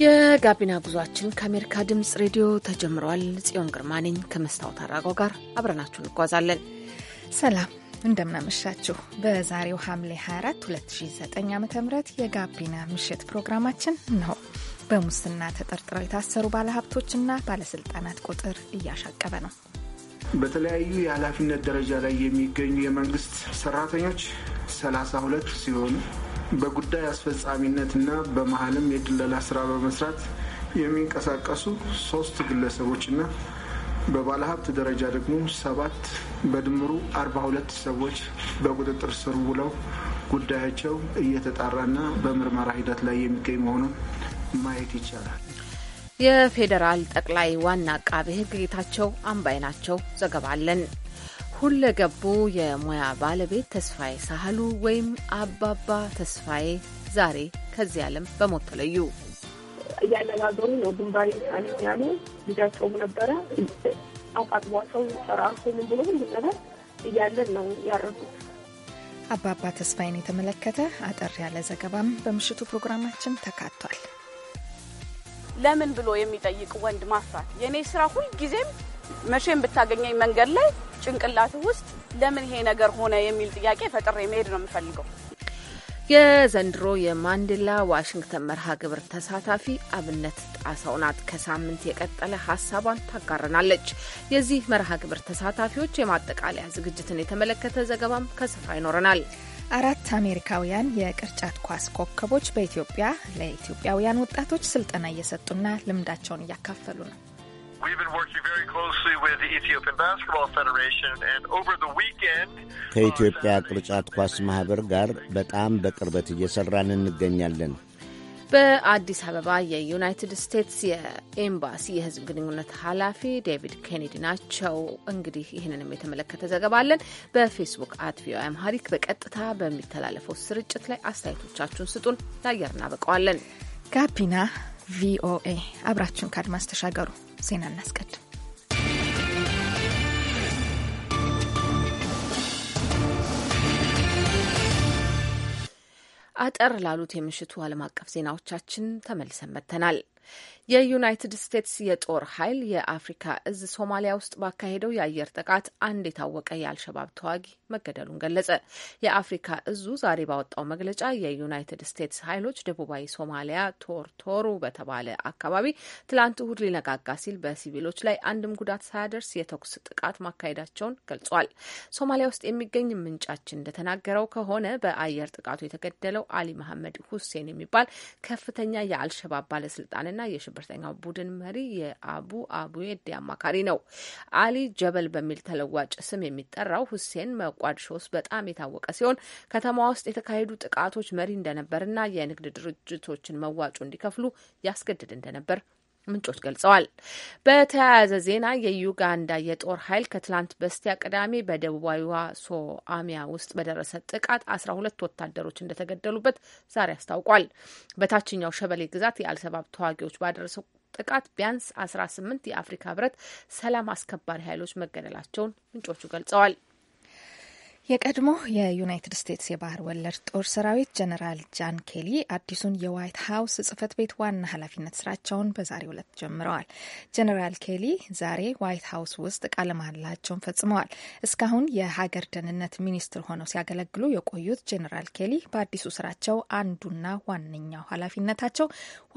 የጋቢና ጉዟችን ከአሜሪካ ድምፅ ሬዲዮ ተጀምሯል። ጽዮን ግርማ ነኝ ከመስታወት አራጋው ጋር አብረናችሁ እንጓዛለን። ሰላም እንደምናመሻችሁ። በዛሬው ሐምሌ 24 2009 ዓ ም የጋቢና ምሽት ፕሮግራማችን ነው። በሙስና ተጠርጥረው የታሰሩ ባለሀብቶችና ባለስልጣናት ቁጥር እያሻቀበ ነው። በተለያዩ የኃላፊነት ደረጃ ላይ የሚገኙ የመንግስት ሰራተኞች 32 ሲሆኑ በጉዳይ አስፈጻሚነትና በመሀልም የድለላ ስራ በመስራት የሚንቀሳቀሱ ሶስት ግለሰቦችና በባለሀብት ደረጃ ደግሞ ሰባት በድምሩ አርባ ሁለት ሰዎች በቁጥጥር ስር ውለው ጉዳያቸው እየተጣራና በምርመራ ሂደት ላይ የሚገኝ መሆኑን ማየት ይቻላል። የፌዴራል ጠቅላይ ዋና አቃቤ ሕግ ጌታቸው አምባይ ናቸው። ዘገባ አለን። ሁለገቡ የሙያ ባለቤት ተስፋዬ ሳህሉ ወይም አባባ ተስፋዬ ዛሬ ከዚህ ዓለም በሞት ተለዩ። እያነጋገሩ ነው። ግንባሬ ሳኒ ያሉ ልጃቸውም ነበረ አቃጥቧቸው ጨራርሶ ምን ብሎ ሁሉ ነገር እያለን ነው ያረጉት። አባባ ተስፋዬን የተመለከተ አጠር ያለ ዘገባም በምሽቱ ፕሮግራማችን ተካቷል። ለምን ብሎ የሚጠይቅ ወንድ ማፍራት የእኔ ስራ ሁልጊዜም መቼም ብታገኘኝ መንገድ ላይ ጭንቅላት ውስጥ ለምን ይሄ ነገር ሆነ የሚል ጥያቄ ፈጥሬ መሄድ ነው የምፈልገው። የዘንድሮ የማንዴላ ዋሽንግተን መርሃ ግብር ተሳታፊ አብነት ጣሰው ናት። ከሳምንት የቀጠለ ሀሳቧን ታጋረናለች። የዚህ መርሃ ግብር ተሳታፊዎች የማጠቃለያ ዝግጅትን የተመለከተ ዘገባም ከስፍራ ይኖረናል። አራት አሜሪካውያን የቅርጫት ኳስ ኮከቦች በኢትዮጵያ ለኢትዮጵያውያን ወጣቶች ስልጠና እየሰጡና ልምዳቸውን እያካፈሉ ነው። ከኢትዮጵያ ቅርጫት ኳስ ማህበር ጋር በጣም በቅርበት እየሰራን እንገኛለን። በአዲስ አበባ የዩናይትድ ስቴትስ የኤምባሲ የሕዝብ ግንኙነት ኃላፊ ዴቪድ ኬኔዲ ናቸው። እንግዲህ ይህንንም የተመለከተ ዘገባ አለን። በፌስቡክ አት ቪኦኤ አምሃሪክ በቀጥታ በሚተላለፈው ስርጭት ላይ አስተያየቶቻችሁን ስጡን፣ ለአየር እናበቀዋለን። ጋቢና ቪኦኤ አብራችሁን ከአድማስ ተሻገሩ። ዜና እናስቀድም። አጠር ላሉት የምሽቱ ዓለም አቀፍ ዜናዎቻችን ተመልሰን መጥተናል። የዩናይትድ ስቴትስ የጦር ኃይል የአፍሪካ እዝ ሶማሊያ ውስጥ ባካሄደው የአየር ጥቃት አንድ የታወቀ የአልሸባብ ተዋጊ መገደሉን ገለጸ። የአፍሪካ እዙ ዛሬ ባወጣው መግለጫ የዩናይትድ ስቴትስ ኃይሎች ደቡባዊ ሶማሊያ ቶርቶሩ በተባለ አካባቢ ትላንት እሁድ ሊነጋጋ ሲል በሲቪሎች ላይ አንድም ጉዳት ሳያደርስ የተኩስ ጥቃት ማካሄዳቸውን ገልጿል። ሶማሊያ ውስጥ የሚገኝ ምንጫችን እንደተናገረው ከሆነ በአየር ጥቃቱ የተገደለው አሊ መሐመድ ሁሴን የሚባል ከፍተኛ የአልሸባብ ባለስልጣንና የሽብርተኛው ቡድን መሪ የአቡ አቡዴ አማካሪ ነው። አሊ ጀበል በሚል ተለዋጭ ስም የሚጠራው ሁሴን መቋድሾ ውስጥ በጣም የታወቀ ሲሆን ከተማ ውስጥ የተካሄዱ ጥቃቶች መሪ እንደነበርና የንግድ ድርጅቶችን መዋጮ እንዲከፍሉ ያስገድድ እንደነበር ምንጮች ገልጸዋል። በተያያዘ ዜና የዩጋንዳ የጦር ኃይል ከትላንት በስቲያ ቅዳሜ በደቡባዊዋ ሶማሊያ ውስጥ በደረሰ ጥቃት አስራ ሁለት ወታደሮች እንደተገደሉበት ዛሬ አስታውቋል። በታችኛው ሸበሌ ግዛት የአልሸባብ ተዋጊዎች ባደረሰው ጥቃት ቢያንስ አስራ ስምንት የአፍሪካ ህብረት ሰላም አስከባሪ ኃይሎች መገደላቸውን ምንጮቹ ገልጸዋል። የቀድሞ የዩናይትድ ስቴትስ የባህር ወለድ ጦር ሰራዊት ጀነራል ጃን ኬሊ አዲሱን የዋይት ሀውስ ጽህፈት ቤት ዋና ኃላፊነት ስራቸውን በዛሬው ዕለት ጀምረዋል። ጀነራል ኬሊ ዛሬ ዋይት ሀውስ ውስጥ ቃለ መሃላቸውን ፈጽመዋል። እስካሁን የሀገር ደህንነት ሚኒስትር ሆነው ሲያገለግሉ የቆዩት ጀነራል ኬሊ በአዲሱ ስራቸው አንዱና ዋነኛው ኃላፊነታቸው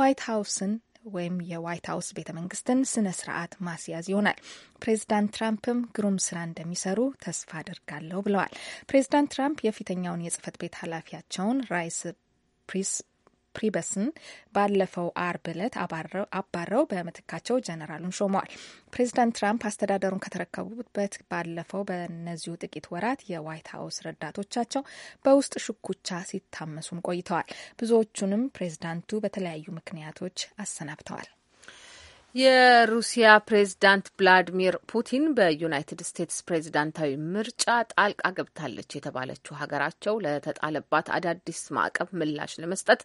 ዋይት ሀውስን ወይም የዋይት ሀውስ ቤተ መንግስትን ስነ ስርዓት ማስያዝ ይሆናል። ፕሬዚዳንት ትራምፕም ግሩም ስራ እንደሚሰሩ ተስፋ አድርጋለሁ ብለዋል። ፕሬዚዳንት ትራምፕ የፊተኛውን የጽህፈት ቤት ኃላፊያቸውን ራይስ ፕሪስ ፕሪበስን ባለፈው አርብ ዕለት አባረው በምትካቸው ጀነራሉን ሾመዋል። ፕሬዚዳንት ትራምፕ አስተዳደሩን ከተረከቡበት ባለፈው በእነዚሁ ጥቂት ወራት የዋይት ሀውስ ረዳቶቻቸው በውስጥ ሽኩቻ ሲታመሱም ቆይተዋል። ብዙዎቹንም ፕሬዚዳንቱ በተለያዩ ምክንያቶች አሰናብተዋል። የሩሲያ ፕሬዝዳንት ቭላዲሚር ፑቲን በዩናይትድ ስቴትስ ፕሬዝዳንታዊ ምርጫ ጣልቃ ገብታለች የተባለችው ሀገራቸው ለተጣለባት አዳዲስ ማዕቀብ ምላሽ ለመስጠት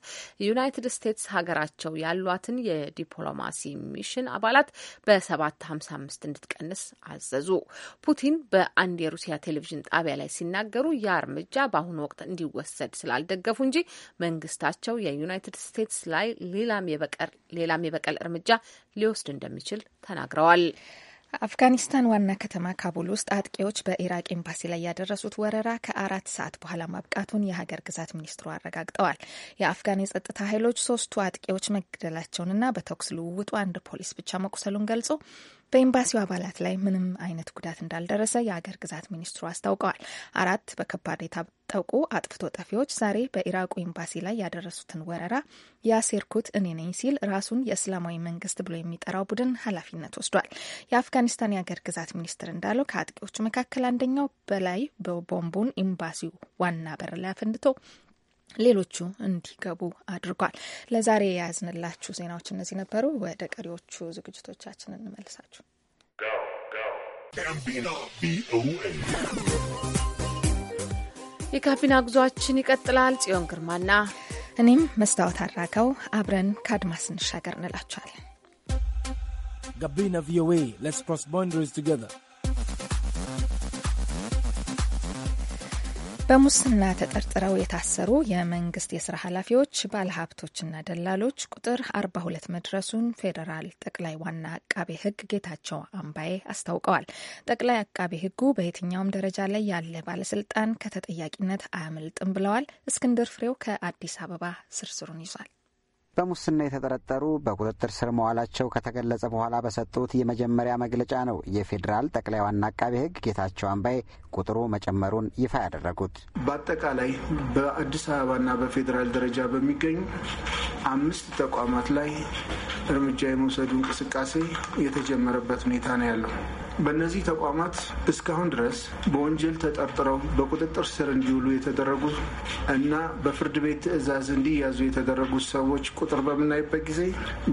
ዩናይትድ ስቴትስ ሀገራቸው ያሏትን የዲፕሎማሲ ሚሽን አባላት በሰባት ሀምሳ አምስት እንድትቀንስ አዘዙ። ፑቲን በአንድ የሩሲያ ቴሌቪዥን ጣቢያ ላይ ሲናገሩ ያ እርምጃ በአሁኑ ወቅት እንዲወሰድ ስላልደገፉ እንጂ መንግስታቸው የዩናይትድ ስቴትስ ላይ ሌላም የበቀል እርምጃ ሊወስድ እንደሚችል ተናግረዋል። አፍጋኒስታን ዋና ከተማ ካቡል ውስጥ አጥቂዎች በኢራቅ ኤምባሲ ላይ ያደረሱት ወረራ ከአራት ሰዓት በኋላ ማብቃቱን የሀገር ግዛት ሚኒስትሩ አረጋግጠዋል። የአፍጋን የጸጥታ ኃይሎች ሶስቱ አጥቂዎች መግደላቸውንና በተኩስ ልውውጡ አንድ ፖሊስ ብቻ መቁሰሉን ገልጾ በኤምባሲው አባላት ላይ ምንም አይነት ጉዳት እንዳልደረሰ የአገር ግዛት ሚኒስትሩ አስታውቀዋል። አራት በከባድ የታጠቁ አጥፍቶ ጠፊዎች ዛሬ በኢራቁ ኤምባሲ ላይ ያደረሱትን ወረራ ያሴርኩት እኔ ነኝ ሲል ራሱን የእስላማዊ መንግስት ብሎ የሚጠራው ቡድን ኃላፊነት ወስዷል። የአፍጋኒስታን የአገር ግዛት ሚኒስትር እንዳለው ከአጥቂዎቹ መካከል አንደኛው በላይ በቦምቡን ኤምባሲው ዋና በር ላይ አፈንድቶ ሌሎቹ እንዲገቡ አድርጓል። ለዛሬ የያዝንላችሁ ዜናዎች እነዚህ ነበሩ። ወደ ቀሪዎቹ ዝግጅቶቻችን እንመልሳችሁ። የጋቢና ጉዟችን ይቀጥላል። ጽዮን ግርማና እኔም መስታወት አድራገው አብረን ከአድማስ እንሻገር እንላችኋለን። ጋቢና ቪኦኤ ሌትስ ክሮስ ቦንደሪስ ቱጌዘር በሙስና ተጠርጥረው የታሰሩ የመንግስት የስራ ኃላፊዎች፣ ባለሀብቶችና ደላሎች ቁጥር 42 መድረሱን ፌዴራል ጠቅላይ ዋና አቃቤ ሕግ ጌታቸው አምባዬ አስታውቀዋል። ጠቅላይ አቃቤ ሕጉ በየትኛውም ደረጃ ላይ ያለ ባለስልጣን ከተጠያቂነት አያመልጥም ብለዋል። እስክንድር ፍሬው ከአዲስ አበባ ስርስሩን ይዟል። በሙስና የተጠረጠሩ በቁጥጥር ስር መዋላቸው ከተገለጸ በኋላ በሰጡት የመጀመሪያ መግለጫ ነው የፌዴራል ጠቅላይ ዋና አቃቤ ሕግ ጌታቸው አምባዬ ቁጥሩ መጨመሩን ይፋ ያደረጉት። በአጠቃላይ በአዲስ አበባና በፌዴራል ደረጃ በሚገኙ አምስት ተቋማት ላይ እርምጃ የመውሰዱ እንቅስቃሴ የተጀመረበት ሁኔታ ነው ያለው። በእነዚህ ተቋማት እስካሁን ድረስ በወንጀል ተጠርጥረው በቁጥጥር ስር እንዲውሉ የተደረጉ እና በፍርድ ቤት ትዕዛዝ እንዲያዙ የተደረጉ ሰዎች ቁጥር በምናይበት ጊዜ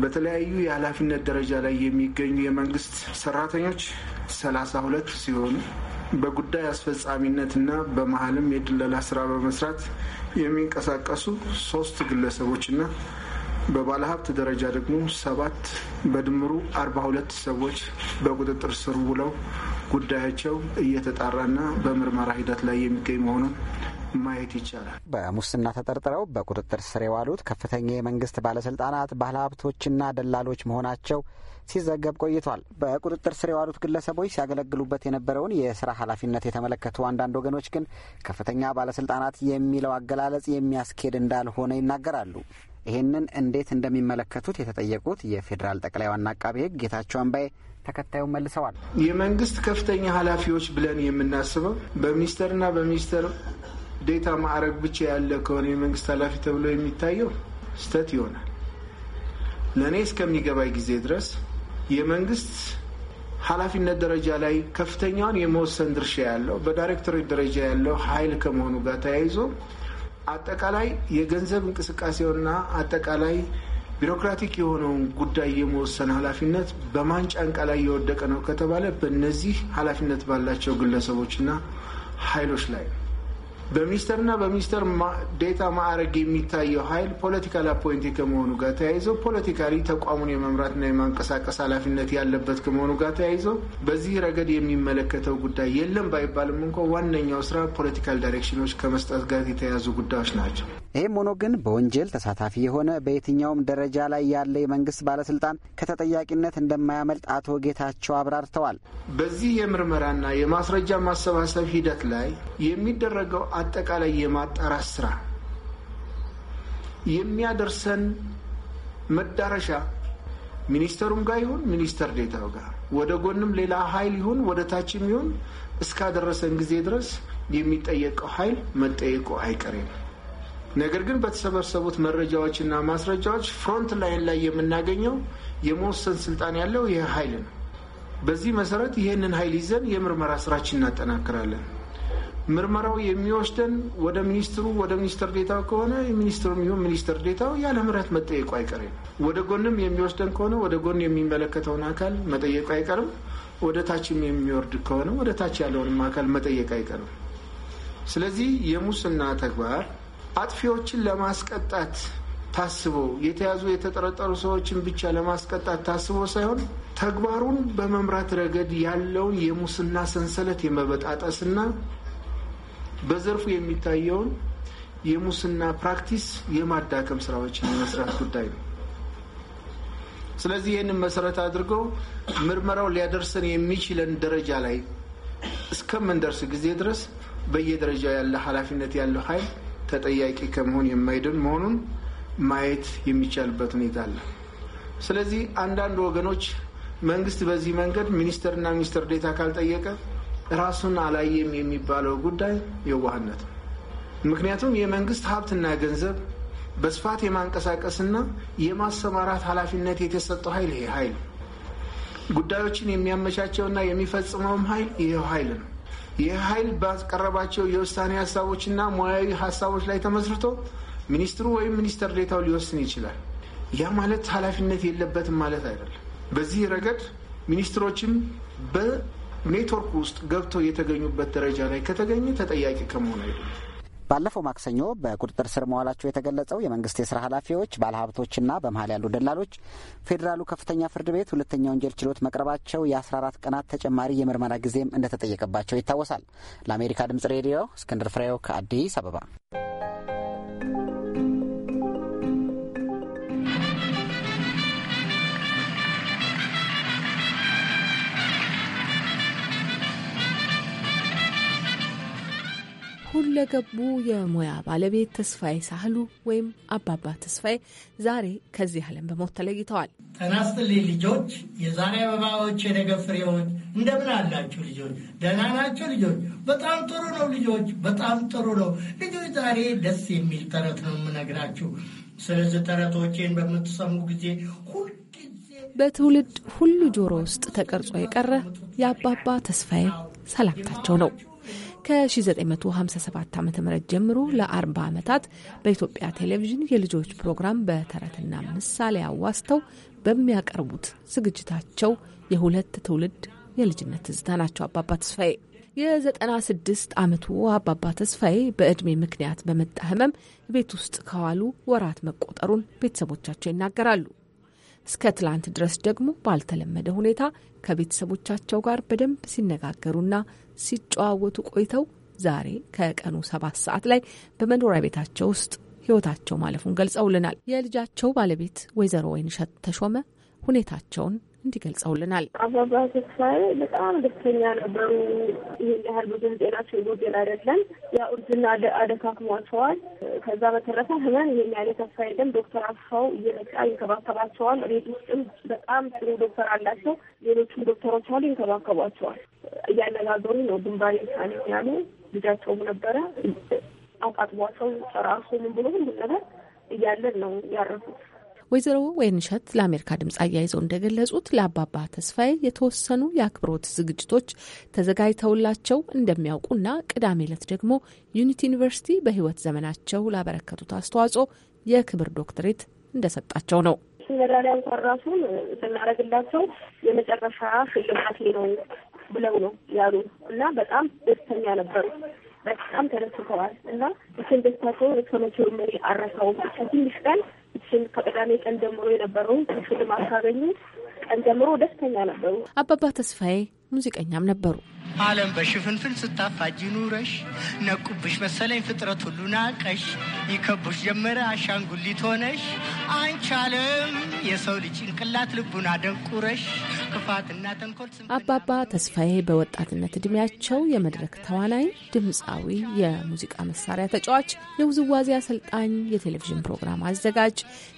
በተለያዩ የኃላፊነት ደረጃ ላይ የሚገኙ የመንግስት ሰራተኞች ሰላሳ ሁለት ሲሆኑ በጉዳይ አስፈጻሚነትና በመሀልም የድለላ ስራ በመስራት የሚንቀሳቀሱ ሶስት ግለሰቦችና በባለሀብት ደረጃ ደግሞ ሰባት በድምሩ አርባ ሁለት ሰዎች በቁጥጥር ስር ውለው ጉዳያቸው እየተጣራና በምርመራ ሂደት ላይ የሚገኝ መሆኑን ማየት ይቻላል። በሙስና ተጠርጥረው በቁጥጥር ስር የዋሉት ከፍተኛ የመንግስት ባለስልጣናት፣ ባለሀብቶችና ደላሎች መሆናቸው ሲዘገብ ቆይቷል። በቁጥጥር ስር የዋሉት ግለሰቦች ሲያገለግሉበት የነበረውን የስራ ኃላፊነት የተመለከቱ አንዳንድ ወገኖች ግን ከፍተኛ ባለስልጣናት የሚለው አገላለጽ የሚያስኬድ እንዳልሆነ ይናገራሉ። ይህንን እንዴት እንደሚመለከቱት የተጠየቁት የፌዴራል ጠቅላይ ዋና አቃቤ ሕግ ጌታቸው አምባዬ ተከታዩን መልሰዋል። የመንግስት ከፍተኛ ኃላፊዎች ብለን የምናስበው በሚኒስተርና በሚኒስተር ዴታ ማዕረግ ብቻ ያለ ከሆነ የመንግስት ኃላፊ ተብሎ የሚታየው ስህተት ይሆናል። ለእኔ እስከሚገባኝ ጊዜ ድረስ የመንግስት ኃላፊነት ደረጃ ላይ ከፍተኛውን የመወሰን ድርሻ ያለው በዳይሬክቶሬት ደረጃ ያለው ኃይል ከመሆኑ ጋር ተያይዞ አጠቃላይ የገንዘብ እንቅስቃሴውና አጠቃላይ ቢሮክራቲክ የሆነውን ጉዳይ የመወሰን ኃላፊነት በማን ጫንቃ ላይ የወደቀ ነው ከተባለ በእነዚህ ኃላፊነት ባላቸው ግለሰቦችና ኃይሎች ላይ ነው። በሚኒስተርና በሚኒስተር ዴታ ማዕረግ የሚታየው ኃይል ፖለቲካል አፖይንቲ ከመሆኑ ጋር ተያይዘው ፖለቲካሊ ተቋሙን የመምራትና የማንቀሳቀስ ኃላፊነት ያለበት ከመሆኑ ጋር ተያይዘው በዚህ ረገድ የሚመለከተው ጉዳይ የለም ባይባልም እንኳ ዋነኛው ስራ ፖለቲካል ዳይሬክሽኖች ከመስጠት ጋር የተያያዙ ጉዳዮች ናቸው። ይህም ሆኖ ግን በወንጀል ተሳታፊ የሆነ በየትኛውም ደረጃ ላይ ያለ የመንግስት ባለስልጣን ከተጠያቂነት እንደማያመልጥ አቶ ጌታቸው አብራርተዋል። በዚህ የምርመራና የማስረጃ ማሰባሰብ ሂደት ላይ የሚደረገው አጠቃላይ የማጣራት ስራ የሚያደርሰን መዳረሻ ሚኒስተሩም ጋር ይሁን ሚኒስተር ዴታው ጋር ወደ ጎንም ሌላ ኃይል ይሁን ወደ ታችም ይሁን እስካደረሰን ጊዜ ድረስ የሚጠየቀው ኃይል መጠየቁ አይቀሬም። ነገር ግን በተሰበሰቡት መረጃዎችና ማስረጃዎች ፍሮንት ላይን ላይ የምናገኘው የመወሰን ስልጣን ያለው ይህ ኃይል ነው። በዚህ መሰረት ይህንን ኃይል ይዘን የምርመራ ስራችን እናጠናክራለን። ምርመራው የሚወስደን ወደ ሚኒስትሩ ወደ ሚኒስትር ዴታው ከሆነ ሚኒስትሩ ይሁን ሚኒስትር ዴታው ያለ ምሕረት መጠየቁ አይቀርም። ወደ ጎንም የሚወስደን ከሆነ ወደ ጎን የሚመለከተውን አካል መጠየቁ አይቀርም። ወደ ታችም የሚወርድ ከሆነ ወደ ታች ያለውንም አካል መጠየቅ አይቀርም። ስለዚህ የሙስና ተግባር አጥፊዎችን ለማስቀጣት ታስቦ የተያዙ የተጠረጠሩ ሰዎችን ብቻ ለማስቀጣት ታስቦ ሳይሆን ተግባሩን በመምራት ረገድ ያለውን የሙስና ሰንሰለት የመበጣጠስና በዘርፉ የሚታየውን የሙስና ፕራክቲስ የማዳከም ስራዎችን የመስራት ጉዳይ ነው። ስለዚህ ይህንን መሰረት አድርገው ምርመራው ሊያደርሰን የሚችለን ደረጃ ላይ እስከምንደርስ ጊዜ ድረስ በየደረጃው ያለ ኃላፊነት ያለው ኃይል ተጠያቂ ከመሆን የማይድን መሆኑን ማየት የሚቻልበት ሁኔታ አለ። ስለዚህ አንዳንድ ወገኖች መንግስት በዚህ መንገድ ሚኒስትርና ሚኒስትር ዴታ ካልጠየቀ ራሱን አላየም የሚባለው ጉዳይ የዋህነት ነው። ምክንያቱም የመንግስት ሀብትና ገንዘብ በስፋት የማንቀሳቀስና የማሰማራት ኃላፊነት የተሰጠው ኃይል ይሄ ኃይል ጉዳዮችን የሚያመቻቸውና የሚፈጽመውም ኃይል ይሄው ኃይል ነው። ይህ ኃይል ባቀረባቸው የውሳኔ ሀሳቦችና ሙያዊ ሀሳቦች ላይ ተመስርቶ ሚኒስትሩ ወይም ሚኒስተር ዴታው ሊወስን ይችላል። ያ ማለት ኃላፊነት የለበትም ማለት አይደለም። በዚህ ረገድ ሚኒስትሮችም ኔትወርክ ውስጥ ገብተው የተገኙበት ደረጃ ላይ ከተገኘ ተጠያቂ ከመሆን አይደለም። ባለፈው ማክሰኞ በቁጥጥር ስር መዋላቸው የተገለጸው የመንግስት የስራ ኃላፊዎች፣ ባለሀብቶችና በመሀል ያሉ ደላሎች ፌዴራሉ ከፍተኛ ፍርድ ቤት ሁለተኛ ወንጀል ችሎት መቅረባቸው የ14 ቀናት ተጨማሪ የምርመራ ጊዜም እንደተጠየቀባቸው ይታወሳል። ለአሜሪካ ድምጽ ሬዲዮ እስክንድር ፍሬው ከአዲስ አበባ ሁለገቡ የሙያ ባለቤት ተስፋዬ ሳህሉ ወይም አባባ ተስፋዬ ዛሬ ከዚህ ዓለም በሞት ተለይተዋል። ተናስትልኝ ልጆች፣ የዛሬ አበባዎች የነገ ፍሬዎች። እንደምን አላችሁ ልጆች? ደህና ናቸው ልጆች? በጣም ጥሩ ነው ልጆች፣ በጣም ጥሩ ነው ልጆች። ዛሬ ደስ የሚል ተረት ነው የምነግራችሁ። ስለዚህ ተረቶቼን በምትሰሙ ጊዜ በትውልድ ሁሉ ጆሮ ውስጥ ተቀርጾ የቀረ የአባባ ተስፋዬ ሰላምታቸው ነው። ከ1957 ዓ ም ጀምሮ ለ40 ዓመታት በኢትዮጵያ ቴሌቪዥን የልጆች ፕሮግራም በተረትና ምሳሌ አዋስተው በሚያቀርቡት ዝግጅታቸው የሁለት ትውልድ የልጅነት ትዝታ ናቸው። አባባ ተስፋዬ የ96 ዓመቱ አባባ ተስፋዬ በዕድሜ ምክንያት በመጣ ህመም ቤት ውስጥ ከዋሉ ወራት መቆጠሩን ቤተሰቦቻቸው ይናገራሉ። እስከ ትላንት ድረስ ደግሞ ባልተለመደ ሁኔታ ከቤተሰቦቻቸው ጋር በደንብ ሲነጋገሩና ሲጨዋወቱ ቆይተው ዛሬ ከቀኑ ሰባት ሰዓት ላይ በመኖሪያ ቤታቸው ውስጥ ህይወታቸው ማለፉን ገልጸውልናል። የልጃቸው ባለቤት ወይዘሮ ወይንሸት ተሾመ ሁኔታቸውን እንዲህ ገልጸውልናል። አባባ ተስፋዬ በጣም ደስተኛ ነበሩ። ይህን ያህል ብዙም ጤናቸው የጎደል አይደለም። ያው እርጅና አደካክሟቸዋል። ከዛ በተረፈ ህመም ይህን ያህል የከፋ የለም። ዶክተር አስፋው እየመጣ ይንከባከባቸዋል። ቤት ውስጥም በጣም ጥሩ ዶክተር አላቸው። ሌሎቹም ዶክተሮች አሉ፣ ይንከባከቧቸዋል። እያነጋገሩ ነው። ግንባሬ ሳኔ ያሉ ልጃቸውም ነበረ አቃጥቧቸው ጨራሱ ምን ብሎ ሁሉ ነገር እያለን ነው ያረፉት። ወይዘሮ ወይንሸት ለአሜሪካ ድምፅ አያይዘው እንደገለጹት ለአባባ ተስፋዬ የተወሰኑ የአክብሮት ዝግጅቶች ተዘጋጅተውላቸው እንደሚያውቁና ቅዳሜ ዕለት ደግሞ ዩኒቲ ዩኒቨርሲቲ በህይወት ዘመናቸው ላበረከቱት አስተዋጽኦ የክብር ዶክትሬት እንደሰጣቸው ነው። ሜዳሊያ እንኳን ራሱን ስናደርግላቸው የመጨረሻ ሽልማት ነው ብለው ነው ያሉ እና በጣም ደስተኛ ነበሩ። በጣም ተደስተዋል እና እሱን ደስታቸውን እስከ መቼው አረሳውም። ከትንሽ ቀን ስል ከቅዳሜ ቀን ጀምሮ የነበረውን ሽልማት ካገኙ ቀን ጀምሮ ደስተኛ ነበሩ። አባባ ተስፋዬ ሙዚቀኛም ነበሩ። ዓለም በሽፍንፍን ስታፋጅ ኑረሽ ነቁብሽ መሰለኝ ፍጥረት ሁሉ ናቀሽ ይከቡሽ ጀመረ አሻንጉሊት ሆነሽ አንቺ ዓለም የሰው ልጅ ጭንቅላት ልቡን አደንቁረሽ አባባ ተስፋዬ በወጣትነት እድሜያቸው የመድረክ ተዋናይ፣ ድምፃዊ፣ የሙዚቃ መሳሪያ ተጫዋች፣ የውዝዋዜ አሰልጣኝ፣ የቴሌቪዥን ፕሮግራም አዘጋጅ፣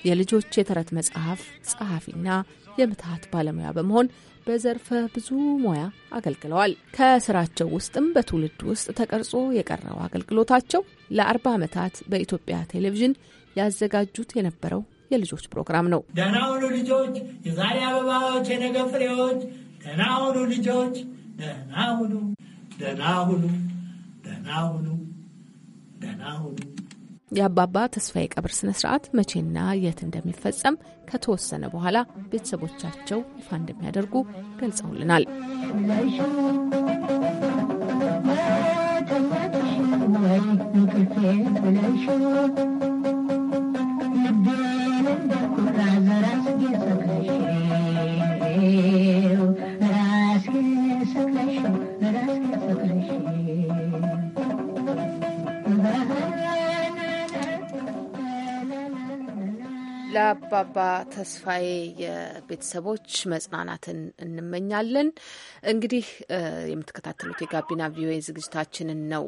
የልጆች የተረት መጽሐፍ ጸሐፊና የምትሃት ባለሙያ በመሆን በዘርፈ ብዙ ሙያ አገልግለዋል። ከስራቸው ውስጥም በትውልድ ውስጥ ተቀርጾ የቀረው አገልግሎታቸው ለአርባ ዓመታት በኢትዮጵያ ቴሌቪዥን ያዘጋጁት የነበረው የልጆች ፕሮግራም ነው። ደህና ሁኑ ልጆች፣ የዛሬ አበባዎች፣ የነገ ፍሬዎች። ደህና ሁኑ ልጆች፣ ደህና ሁኑ፣ ደህና ሁኑ፣ ደህና ሁኑ፣ ደህና ሁኑ። የአባባ ተስፋዬ ቀብር ስነ ስርዓት መቼና የት እንደሚፈጸም ከተወሰነ በኋላ ቤተሰቦቻቸው ይፋ እንደሚያደርጉ ገልጸውልናል። አባ ተስፋዬ የቤተሰቦች መጽናናትን እንመኛለን። እንግዲህ የምትከታተሉት የጋቢና ቪኦኤ ዝግጅታችንን ነው።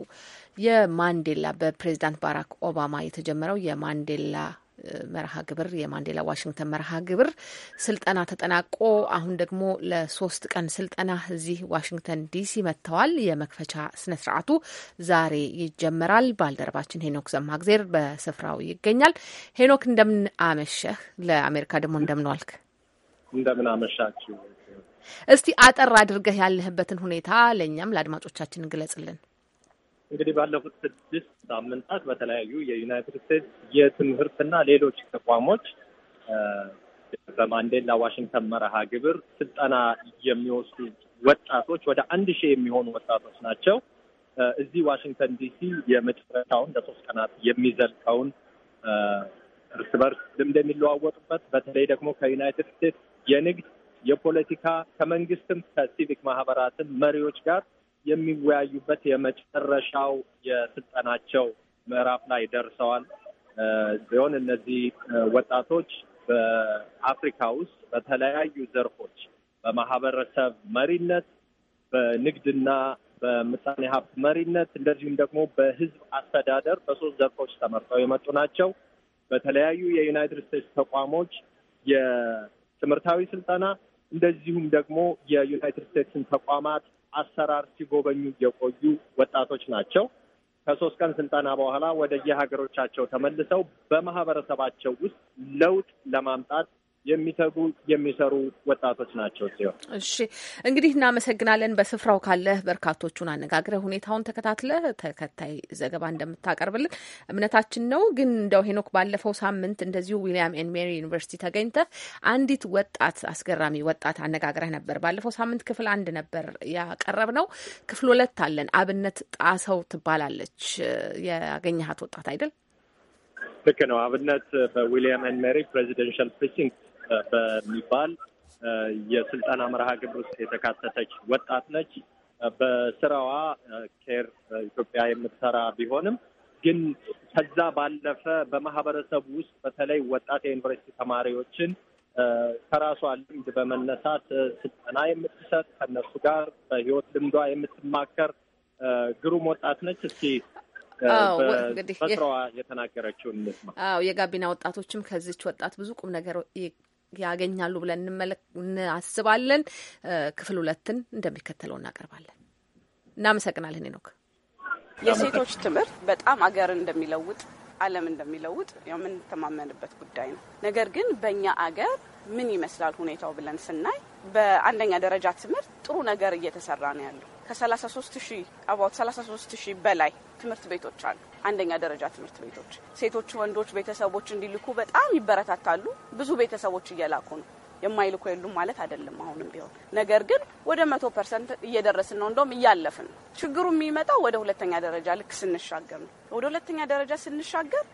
የማንዴላ በፕሬዚዳንት ባራክ ኦባማ የተጀመረው የማንዴላ መርሃ ግብር የማንዴላ ዋሽንግተን መርሃ ግብር ስልጠና ተጠናቆ አሁን ደግሞ ለሶስት ቀን ስልጠና እዚህ ዋሽንግተን ዲሲ መጥተዋል። የመክፈቻ ስነ ስርዓቱ ዛሬ ይጀመራል። ባልደረባችን ሄኖክ ዘማግዜር በስፍራው ይገኛል። ሄኖክ እንደምን አመሸህ? ለአሜሪካ ደግሞ እንደምን ዋልክ? እንደምን አመሻችሁ። እስቲ አጠር አድርገህ ያለህበትን ሁኔታ ለእኛም ለአድማጮቻችን ግለጽልን። እንግዲህ ባለፉት ስድስት ሳምንታት በተለያዩ የዩናይትድ ስቴትስ የትምህርትና ሌሎች ተቋሞች በማንዴላ ዋሽንግተን መርሃ ግብር ስልጠና የሚወስዱ ወጣቶች ወደ አንድ ሺህ የሚሆኑ ወጣቶች ናቸው እዚህ ዋሽንግተን ዲሲ የመጨረሻውን ለሶስት ቀናት የሚዘልቀውን እርስ በርስ ልምድ የሚለዋወጡበት በተለይ ደግሞ ከዩናይትድ ስቴትስ የንግድ፣ የፖለቲካ ከመንግስትም ከሲቪክ ማህበራትን መሪዎች ጋር የሚወያዩበት የመጨረሻው የስልጠናቸው ምዕራፍ ላይ ደርሰዋል ሲሆን እነዚህ ወጣቶች በአፍሪካ ውስጥ በተለያዩ ዘርፎች በማህበረሰብ መሪነት፣ በንግድና በምጣኔ ሀብት መሪነት እንደዚሁም ደግሞ በህዝብ አስተዳደር በሶስት ዘርፎች ተመርጠው የመጡ ናቸው። በተለያዩ የዩናይትድ ስቴትስ ተቋሞች የትምህርታዊ ስልጠና እንደዚሁም ደግሞ የዩናይትድ ስቴትስን ተቋማት አሰራር ሲጎበኙ የቆዩ ወጣቶች ናቸው። ከሶስት ቀን ስልጠና በኋላ ወደ የሀገሮቻቸው ተመልሰው በማህበረሰባቸው ውስጥ ለውጥ ለማምጣት የሚተጉ የሚሰሩ ወጣቶች ናቸው ሲሆን እሺ፣ እንግዲህ እናመሰግናለን። በስፍራው ካለህ በርካቶቹን አነጋግረህ ሁኔታውን ተከታትለህ ተከታይ ዘገባ እንደምታቀርብልን እምነታችን ነው። ግን እንደው ሄኖክ ባለፈው ሳምንት እንደዚሁ ዊሊያም ኤን ሜሪ ዩኒቨርሲቲ ተገኝተህ አንዲት ወጣት አስገራሚ ወጣት አነጋግረህ ነበር። ባለፈው ሳምንት ክፍል አንድ ነበር ያቀረብ ነው። ክፍል ሁለት አለን። አብነት ጣሰው ትባላለች። ያገኘሃት ወጣት አይደል? ልክ ነው። አብነት በዊሊያም ኤን ሜሪ ፕሬዚደንሻል ፕሪሲንክት በሚባል የስልጠና መርሃ ግብር ውስጥ የተካተተች ወጣት ነች። በስራዋ ኬር ኢትዮጵያ የምትሰራ ቢሆንም ግን ከዛ ባለፈ በማህበረሰብ ውስጥ በተለይ ወጣት የዩኒቨርሲቲ ተማሪዎችን ከራሷ ልምድ በመነሳት ስልጠና የምትሰጥ ከነሱ ጋር በህይወት ልምዷ የምትማከር ግሩም ወጣት ነች። እስኪ በስራዋ የተናገረችውን እንስማ። አዎ የጋቢና ወጣቶችም ከዚች ወጣት ብዙ ቁም ነገር ያገኛሉ ብለን እናስባለን። ክፍል ሁለትን እንደሚከተለው እናቀርባለን። እናመሰግናለን ሄኖክ። የሴቶች ትምህርት በጣም አገርን እንደሚለውጥ ዓለም እንደሚለውጥ የምንተማመንበት ጉዳይ ነው። ነገር ግን በእኛ አገር ምን ይመስላል ሁኔታው ብለን ስናይ በአንደኛ ደረጃ ትምህርት ጥሩ ነገር እየተሰራ ነው ያለው ከ33 ሺህ አባት 33 ሺህ በላይ ትምህርት ቤቶች አሉ። አንደኛ ደረጃ ትምህርት ቤቶች ሴቶች፣ ወንዶች ቤተሰቦች እንዲልኩ በጣም ይበረታታሉ። ብዙ ቤተሰቦች እየላኩ ነው። የማይልኩ የሉም ማለት አይደለም፣ አሁንም ቢሆን ነገር ግን ወደ መቶ ፐርሰንት እየደረስን ነው። እንደውም እያለፍን ነው። ችግሩ የሚመጣው ወደ ሁለተኛ ደረጃ ልክ ስንሻገር ነው። ወደ ሁለተኛ ደረጃ ስንሻገር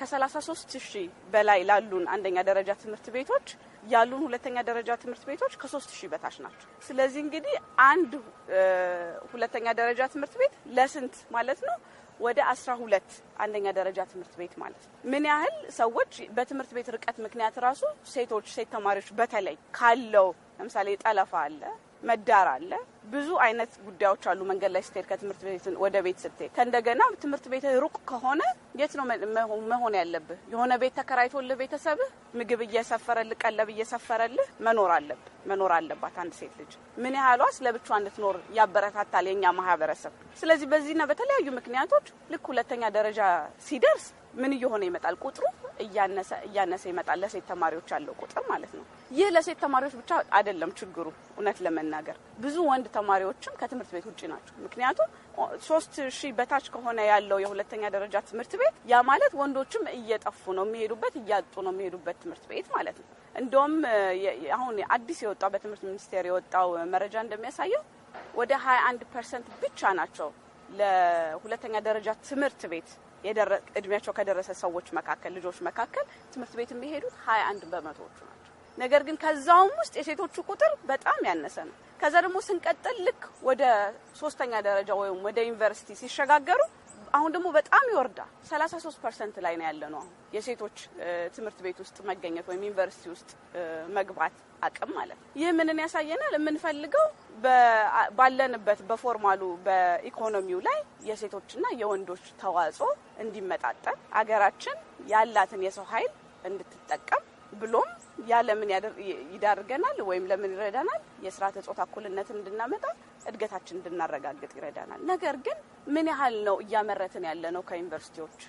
ከ33 ሺህ በላይ ላሉን አንደኛ ደረጃ ትምህርት ቤቶች ያሉን ሁለተኛ ደረጃ ትምህርት ቤቶች ከሶስት ሺህ በታች ናቸው። ስለዚህ እንግዲህ አንድ ሁለተኛ ደረጃ ትምህርት ቤት ለስንት ማለት ነው? ወደ አስራ ሁለት አንደኛ ደረጃ ትምህርት ቤት ማለት ነው። ምን ያህል ሰዎች በትምህርት ቤት ርቀት ምክንያት ራሱ ሴቶች ሴት ተማሪዎች በተለይ ካለው ለምሳሌ ጠለፋ አለ፣ መዳር አለ። ብዙ አይነት ጉዳዮች አሉ። መንገድ ላይ ስትሄድ፣ ከትምህርት ቤት ወደ ቤት ስትሄድ፣ ከእንደገና ትምህርት ቤት ሩቅ ከሆነ የት ነው መሆን ያለብህ? የሆነ ቤት ተከራይቶልህ ቤተሰብህ ምግብ እየሰፈረልህ ቀለብ እየሰፈረልህ መኖር አለብህ መኖር አለባት። አንድ ሴት ልጅ ምን ያህሏ ስለ ብቿ እንድትኖር ያበረታታል የኛ ማህበረሰብ። ስለዚህ በዚህና በተለያዩ ምክንያቶች ልክ ሁለተኛ ደረጃ ሲደርስ ምን እየሆነ ይመጣል? ቁጥሩ እያነሰ እያነሰ ይመጣል። ለሴት ተማሪዎች ያለው ቁጥር ማለት ነው። ይህ ለሴት ተማሪዎች ብቻ አይደለም ችግሩ። እውነት ለመናገር ብዙ ወንድ ተማሪዎችም ከትምህርት ቤት ውጭ ናቸው። ምክንያቱም ሶስት ሺህ በታች ከሆነ ያለው የሁለተኛ ደረጃ ትምህርት ቤት ያ ማለት ወንዶችም እየጠፉ ነው የሚሄዱበት፣ እያጡ ነው የሚሄዱበት ትምህርት ቤት ማለት ነው። እንደውም አሁን አዲስ የወጣው በትምህርት ሚኒስቴር የወጣው መረጃ እንደሚያሳየው ወደ 21 ፐርሰንት ብቻ ናቸው ለሁለተኛ ደረጃ ትምህርት ቤት እድሜያቸው ከደረሰ ሰዎች መካከል ልጆች መካከል ትምህርት ቤት የሚሄዱት ሀያ አንድ በመቶዎቹ ናቸው። ነገር ግን ከዛውም ውስጥ የሴቶቹ ቁጥር በጣም ያነሰ ነው። ከዛ ደግሞ ስንቀጥል ልክ ወደ ሶስተኛ ደረጃ ወይም ወደ ዩኒቨርሲቲ ሲሸጋገሩ አሁን ደግሞ በጣም ይወርዳል። 33 ፐርሰንት ላይ ነው ያለ ነው አሁን የሴቶች ትምህርት ቤት ውስጥ መገኘት ወይም ዩኒቨርሲቲ ውስጥ መግባት። አቅም ማለት ነው። ይህ ምንን ያሳየናል? የምንፈልገው ባለንበት በፎርማሉ በኢኮኖሚው ላይ የሴቶችና የወንዶች ተዋጽኦ እንዲመጣጠን አገራችን ያላትን የሰው ኃይል እንድትጠቀም ብሎም ያለምን ይዳርገናል ወይም ለምን ይረዳናል? የስርዓተ ጾታ እኩልነትን እንድናመጣ እድገታችን እንድናረጋግጥ ይረዳናል። ነገር ግን ምን ያህል ነው እያመረትን ያለ ነው ከዩኒቨርሲቲዎች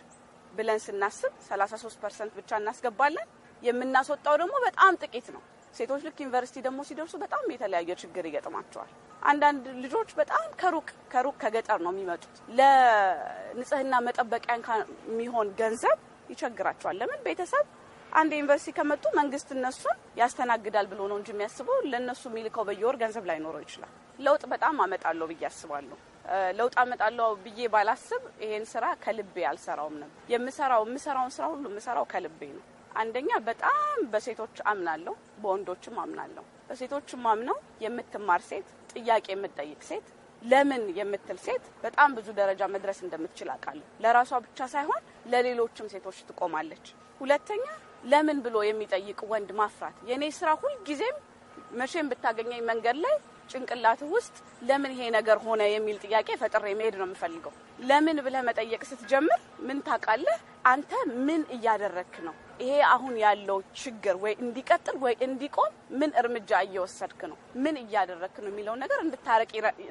ብለን ስናስብ 33 ፐርሰንት ብቻ እናስገባለን። የምናስወጣው ደግሞ በጣም ጥቂት ነው። ሴቶች ልክ ዩኒቨርሲቲ ደግሞ ሲደርሱ በጣም የተለያየ ችግር ይገጥማቸዋል። አንዳንድ ልጆች በጣም ከሩቅ ከሩቅ ከገጠር ነው የሚመጡት። ለንጽህና መጠበቂያ የሚሆን ገንዘብ ይቸግራቸዋል። ለምን ቤተሰብ አንድ ዩኒቨርሲቲ ከመጡ መንግስት እነሱን ያስተናግዳል ብሎ ነው እንጂ የሚያስበው ለእነሱ የሚልከው በየወር ገንዘብ ላይኖረው ይችላል። ለውጥ በጣም አመጣለሁ ብዬ አስባለሁ። ለውጥ አመጣለሁ ብዬ ባላስብ ይሄን ስራ ከልቤ አልሰራውም ነበር። የምሰራው የምሰራውን ስራ ሁሉ የምሰራው ከልቤ ነው። አንደኛ በጣም በሴቶች አምናለሁ፣ በወንዶችም አምናለሁ። በሴቶችም አምነው የምትማር ሴት፣ ጥያቄ የምትጠይቅ ሴት፣ ለምን የምትል ሴት በጣም ብዙ ደረጃ መድረስ እንደምትችል አውቃለሁ። ለራሷ ብቻ ሳይሆን ለሌሎችም ሴቶች ትቆማለች። ሁለተኛ ለምን ብሎ የሚጠይቅ ወንድ ማፍራት የእኔ ስራ ሁልጊዜም መቼም ብታገኘኝ መንገድ ላይ ጭንቅላትህ ውስጥ ለምን ይሄ ነገር ሆነ የሚል ጥያቄ ፈጥሬ መሄድ ነው የምፈልገው። ለምን ብለህ መጠየቅ ስትጀምር ምን ታውቃለህ? አንተ ምን እያደረግክ ነው? ይሄ አሁን ያለው ችግር ወይ እንዲቀጥል ወይ እንዲቆም ምን እርምጃ እየወሰድክ ነው፣ ምን እያደረግክ ነው የሚለውን ነገር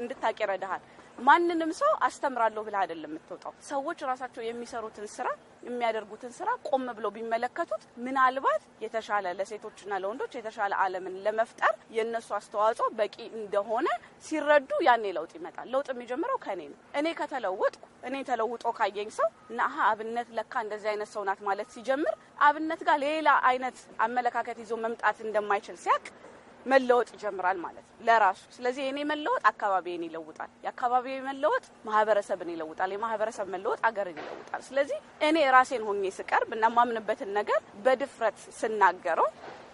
እንድታቅ ይረዳሃል። ማንንም ሰው አስተምራለሁ ብለህ አይደለም የምትወጣው። ሰዎች ራሳቸው የሚሰሩትን ስራ የሚያደርጉትን ስራ ቆም ብለው ቢመለከቱት ምናልባት የተሻለ ለሴቶችና ለወንዶች የተሻለ ዓለምን ለመፍጠር የእነሱ አስተዋጽኦ በቂ እንደሆነ ሲረዱ ያኔ ለውጥ ይመጣል። ለውጥ የሚጀምረው ከእኔ ነው። እኔ ከተለወጥኩ እኔ ተለውጦ ካየኝ ሰው ናሀ አብነት ለካ እንደዚህ አይነት ሰው ናት ማለት ሲጀምር አብነት ጋር ሌላ አይነት አመለካከት ይዞ መምጣት እንደማይችል ሲያቅ መለወጥ ይጀምራል ማለት ነው ለራሱ። ስለዚህ የኔ መለወጥ አካባቢን ይለውጣል፣ የአካባቢ መለወጥ ማህበረሰብን ይለውጣል፣ የማህበረሰብ መለወጥ አገርን ይለውጣል። ስለዚህ እኔ ራሴን ሆኜ ስቀርብ እና ማምንበትን ነገር በድፍረት ስናገረው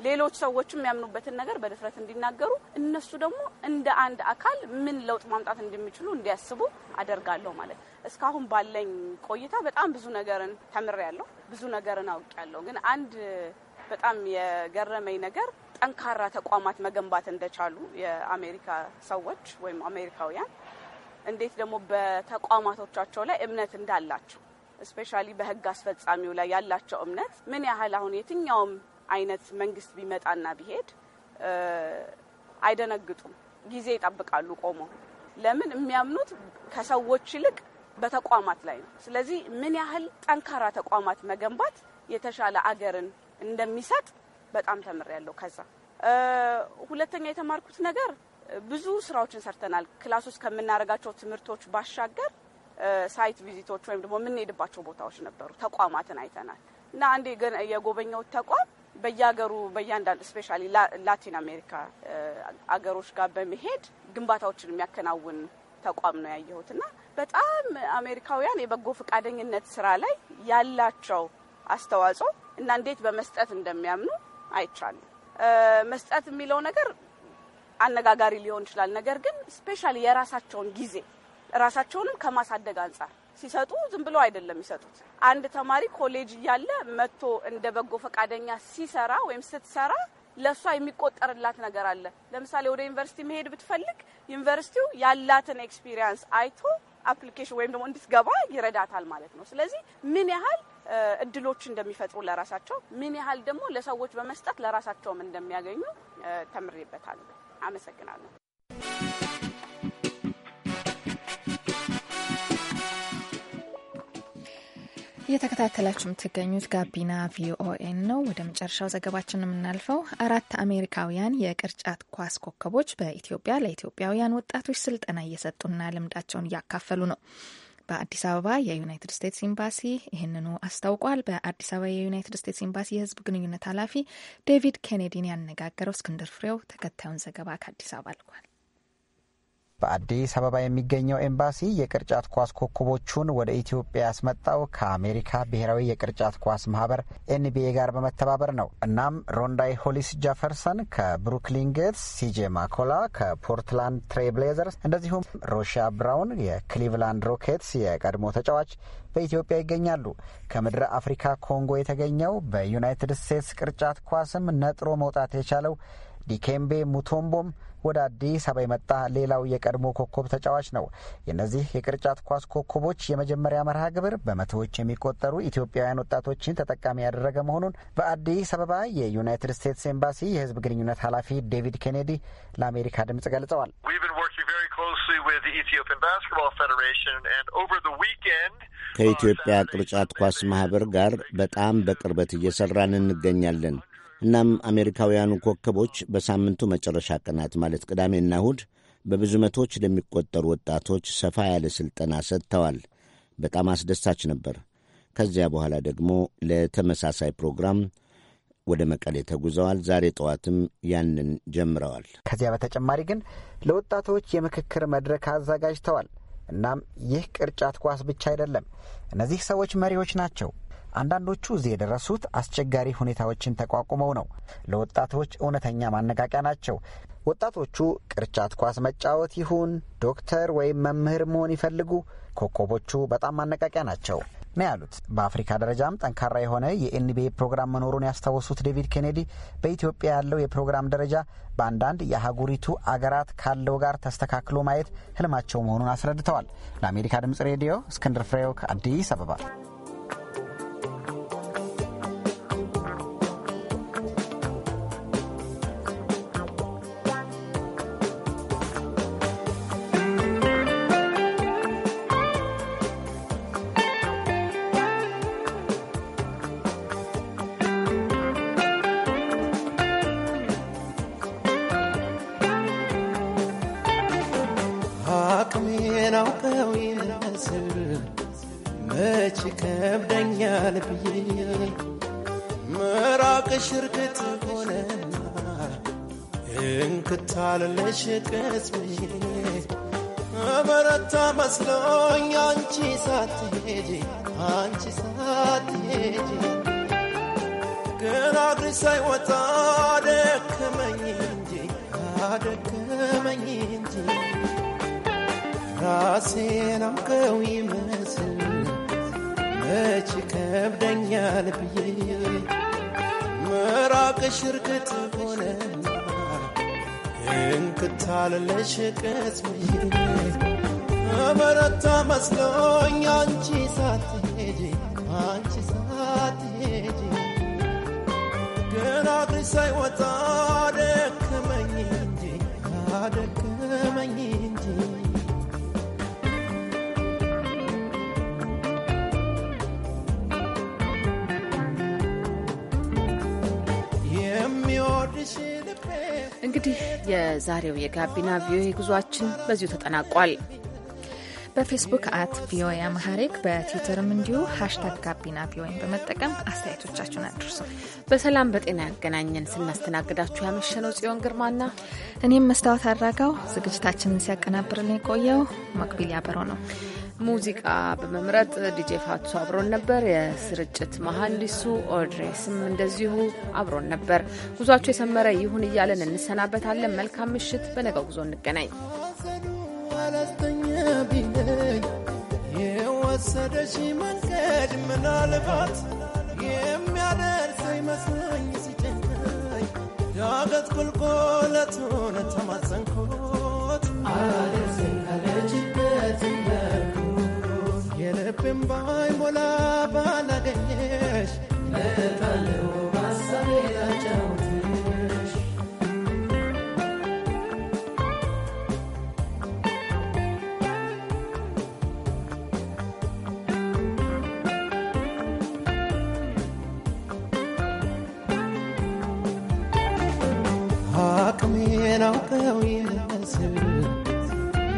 ሌሎች ሰዎች የሚያምኑበትን ነገር በድፍረት እንዲናገሩ እነሱ ደግሞ እንደ አንድ አካል ምን ለውጥ ማምጣት እንደሚችሉ እንዲያስቡ አደርጋለሁ ማለት ነው። እስካሁን ባለኝ ቆይታ በጣም ብዙ ነገርን ተምሬያለሁ፣ ብዙ ነገርን አውቄያለሁ። ግን አንድ በጣም የገረመኝ ነገር ጠንካራ ተቋማት መገንባት እንደቻሉ የአሜሪካ ሰዎች ወይም አሜሪካውያን እንዴት ደግሞ በተቋማቶቻቸው ላይ እምነት እንዳላቸው እስፔሻሊ በህግ አስፈጻሚው ላይ ያላቸው እምነት ምን ያህል አሁን የትኛውም አይነት መንግስት ቢመጣና ቢሄድ አይደነግጡም። ጊዜ ይጠብቃሉ ቆሞ። ለምን የሚያምኑት ከሰዎች ይልቅ በተቋማት ላይ ነው። ስለዚህ ምን ያህል ጠንካራ ተቋማት መገንባት የተሻለ አገርን እንደሚሰጥ በጣም ተምሬያለሁ። ከዛ ሁለተኛ የተማርኩት ነገር ብዙ ስራዎችን ሰርተናል። ክላስ ውስጥ ከምናደርጋቸው ትምህርቶች ባሻገር ሳይት ቪዚቶች ወይም ደግሞ የምንሄድባቸው ቦታዎች ነበሩ። ተቋማትን አይተናል እና አንድ የጎበኘው ተቋም በየሀገሩ በእያንዳንድ ስፔሻሊ ላቲን አሜሪካ አገሮች ጋር በመሄድ ግንባታዎችን የሚያከናውን ተቋም ነው ያየሁት እና በጣም አሜሪካውያን የበጎ ፈቃደኝነት ስራ ላይ ያላቸው አስተዋጽኦ እና እንዴት በመስጠት እንደሚያምኑ አይቻልም። መስጠት የሚለው ነገር አነጋጋሪ ሊሆን ይችላል። ነገር ግን ስፔሻሊ የራሳቸውን ጊዜ ራሳቸውንም ከማሳደግ አንጻር ሲሰጡ ዝም ብለው አይደለም የሚሰጡት። አንድ ተማሪ ኮሌጅ እያለ መጥቶ እንደ በጎ ፈቃደኛ ሲሰራ ወይም ስትሰራ ለእሷ የሚቆጠርላት ነገር አለ። ለምሳሌ ወደ ዩኒቨርሲቲ መሄድ ብትፈልግ ዩኒቨርሲቲው ያላትን ኤክስፒሪየንስ አይቶ አፕሊኬሽን ወይም ደግሞ እንድትገባ ይረዳታል ማለት ነው። ስለዚህ ምን ያህል እድሎች እንደሚፈጥሩ ለራሳቸው ምን ያህል ደግሞ ለሰዎች በመስጠት ለራሳቸውም እንደሚያገኙ ተምሬበታለሁ። አመሰግናለሁ። እየተከታተላችሁ የምትገኙት ጋቢና ቪኦኤን ነው። ወደ መጨረሻው ዘገባችን የምናልፈው አራት አሜሪካውያን የቅርጫት ኳስ ኮከቦች በኢትዮጵያ ለኢትዮጵያውያን ወጣቶች ስልጠና እየሰጡና ልምዳቸውን እያካፈሉ ነው። በአዲስ አበባ የዩናይትድ ስቴትስ ኤምባሲ ይህንኑ አስታውቋል። በአዲስ አበባ የዩናይትድ ስቴትስ ኤምባሲ የህዝብ ግንኙነት ኃላፊ ዴቪድ ኬኔዲን ያነጋገረው እስክንድር ፍሬው ተከታዩን ዘገባ ከአዲስ አበባ ልኳል። በአዲስ አበባ የሚገኘው ኤምባሲ የቅርጫት ኳስ ኮከቦቹን ወደ ኢትዮጵያ ያስመጣው ከአሜሪካ ብሔራዊ የቅርጫት ኳስ ማህበር ኤንቢኤ ጋር በመተባበር ነው። እናም ሮንዳይ ሆሊስ ጃፈርሰን ከብሩክሊን ጌትስ፣ ሲጄ ማኮላ ከፖርትላንድ ትሬብሌዘርስ እንደዚሁም ሮሻ ብራውን የክሊቭላንድ ሮኬትስ የቀድሞ ተጫዋች በኢትዮጵያ ይገኛሉ። ከምድረ አፍሪካ ኮንጎ የተገኘው በዩናይትድ ስቴትስ ቅርጫት ኳስም ነጥሮ መውጣት የቻለው ዲኬምቤ ሙቶምቦም ወደ አዲስ አበባ የመጣ ሌላው የቀድሞ ኮከብ ተጫዋች ነው። የእነዚህ የቅርጫት ኳስ ኮከቦች የመጀመሪያ መርሃ ግብር በመቶዎች የሚቆጠሩ ኢትዮጵያውያን ወጣቶችን ተጠቃሚ ያደረገ መሆኑን በአዲስ አበባ የዩናይትድ ስቴትስ ኤምባሲ የሕዝብ ግንኙነት ኃላፊ ዴቪድ ኬኔዲ ለአሜሪካ ድምጽ ገልጸዋል። uh, ከኢትዮጵያ ቅርጫት ኳስ ማህበር ጋር በጣም በቅርበት እየሰራን እንገኛለን። እናም አሜሪካውያኑ ኮከቦች በሳምንቱ መጨረሻ ቀናት ማለት ቅዳሜና እሁድ በብዙ መቶዎች ለሚቆጠሩ ወጣቶች ሰፋ ያለ ሥልጠና ሰጥተዋል። በጣም አስደሳች ነበር። ከዚያ በኋላ ደግሞ ለተመሳሳይ ፕሮግራም ወደ መቀሌ ተጉዘዋል። ዛሬ ጠዋትም ያንን ጀምረዋል። ከዚያ በተጨማሪ ግን ለወጣቶች የምክክር መድረክ አዘጋጅተዋል። እናም ይህ ቅርጫት ኳስ ብቻ አይደለም። እነዚህ ሰዎች መሪዎች ናቸው። አንዳንዶቹ እዚህ የደረሱት አስቸጋሪ ሁኔታዎችን ተቋቁመው ነው። ለወጣቶች እውነተኛ ማነቃቂያ ናቸው። ወጣቶቹ ቅርጫት ኳስ መጫወት ይሁን ዶክተር ወይም መምህር መሆን ይፈልጉ፣ ኮከቦቹ በጣም ማነቃቂያ ናቸው ነው ያሉት። በአፍሪካ ደረጃም ጠንካራ የሆነ የኤንቢኤ ፕሮግራም መኖሩን ያስታወሱት ዴቪድ ኬኔዲ በኢትዮጵያ ያለው የፕሮግራም ደረጃ በአንዳንድ የአህጉሪቱ አገራት ካለው ጋር ተስተካክሎ ማየት ህልማቸው መሆኑን አስረድተዋል። ለአሜሪካ ድምጽ ሬዲዮ እስክንድር ፍሬው ከአዲስ አበባ አውቀው ይመስል መች ከብደኛል ብዬ ምራቅሽ እርግጥ ሆነና ብዬ በረታ መስሎኝ አንቺ ሳትሄጂ አንቺ ሳትሄጂ ግን አግሪ ሳይወጣ አደከመኝ እንጂ እንጂ ራሴን አውቀው ይመስል መች ከብደኛል ብዬ መራቅሽ እርግጥ ሆነ እንክታለለሽ ቅጽሜ በረታ መስሎኝ አንቺ ሳትሄጂ አንቺ ሳትሄጂ ግን አግሪ ሳይወጣ ደክመኝ እንጂ አደክመኝ እንግዲህ የዛሬው የጋቢና ቪኦኤ ጉዟችን በዚሁ ተጠናቋል። በፌስቡክ አት ቪኦኤ አማሐሪክ በትዊተርም እንዲሁ ሀሽታግ ጋቢና ቪኦኤን በመጠቀም አስተያየቶቻችሁን አድርሱ። በሰላም በጤና ያገናኘን። ስናስተናግዳችሁ ያመሸነው ጽዮን ግርማና እኔም መስታወት አድራጋው፣ ዝግጅታችንን ሲያቀናብርልን የቆየው መቅቢል ያበረው ነው። ሙዚቃ በመምረጥ ዲጄ ፋቱ አብሮን ነበር። የስርጭት መሐንዲሱ ኦድሬስም እንደዚሁ አብሮን ነበር። ጉዟቸው የሰመረ ይሁን እያለን እንሰናበታለን። መልካም ምሽት። በነገው ጉዞ እንገናኝ። የወሰደሽ መንገድ ምናልባት የሚያደርሰኝ መስሎኝ ሲጨንቀኝ ዳገት ቁልቁለቱን ተማጸንኩት። بمباي ولا بالاقيش بالقلب والصغير جوتش አቅሜን አውቀው የስብ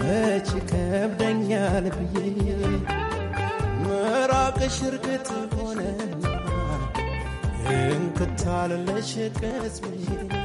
መች ከብደኛል ብዬ ሽርግት እርግጥ ሆነ እንክታለሽ ቅጽ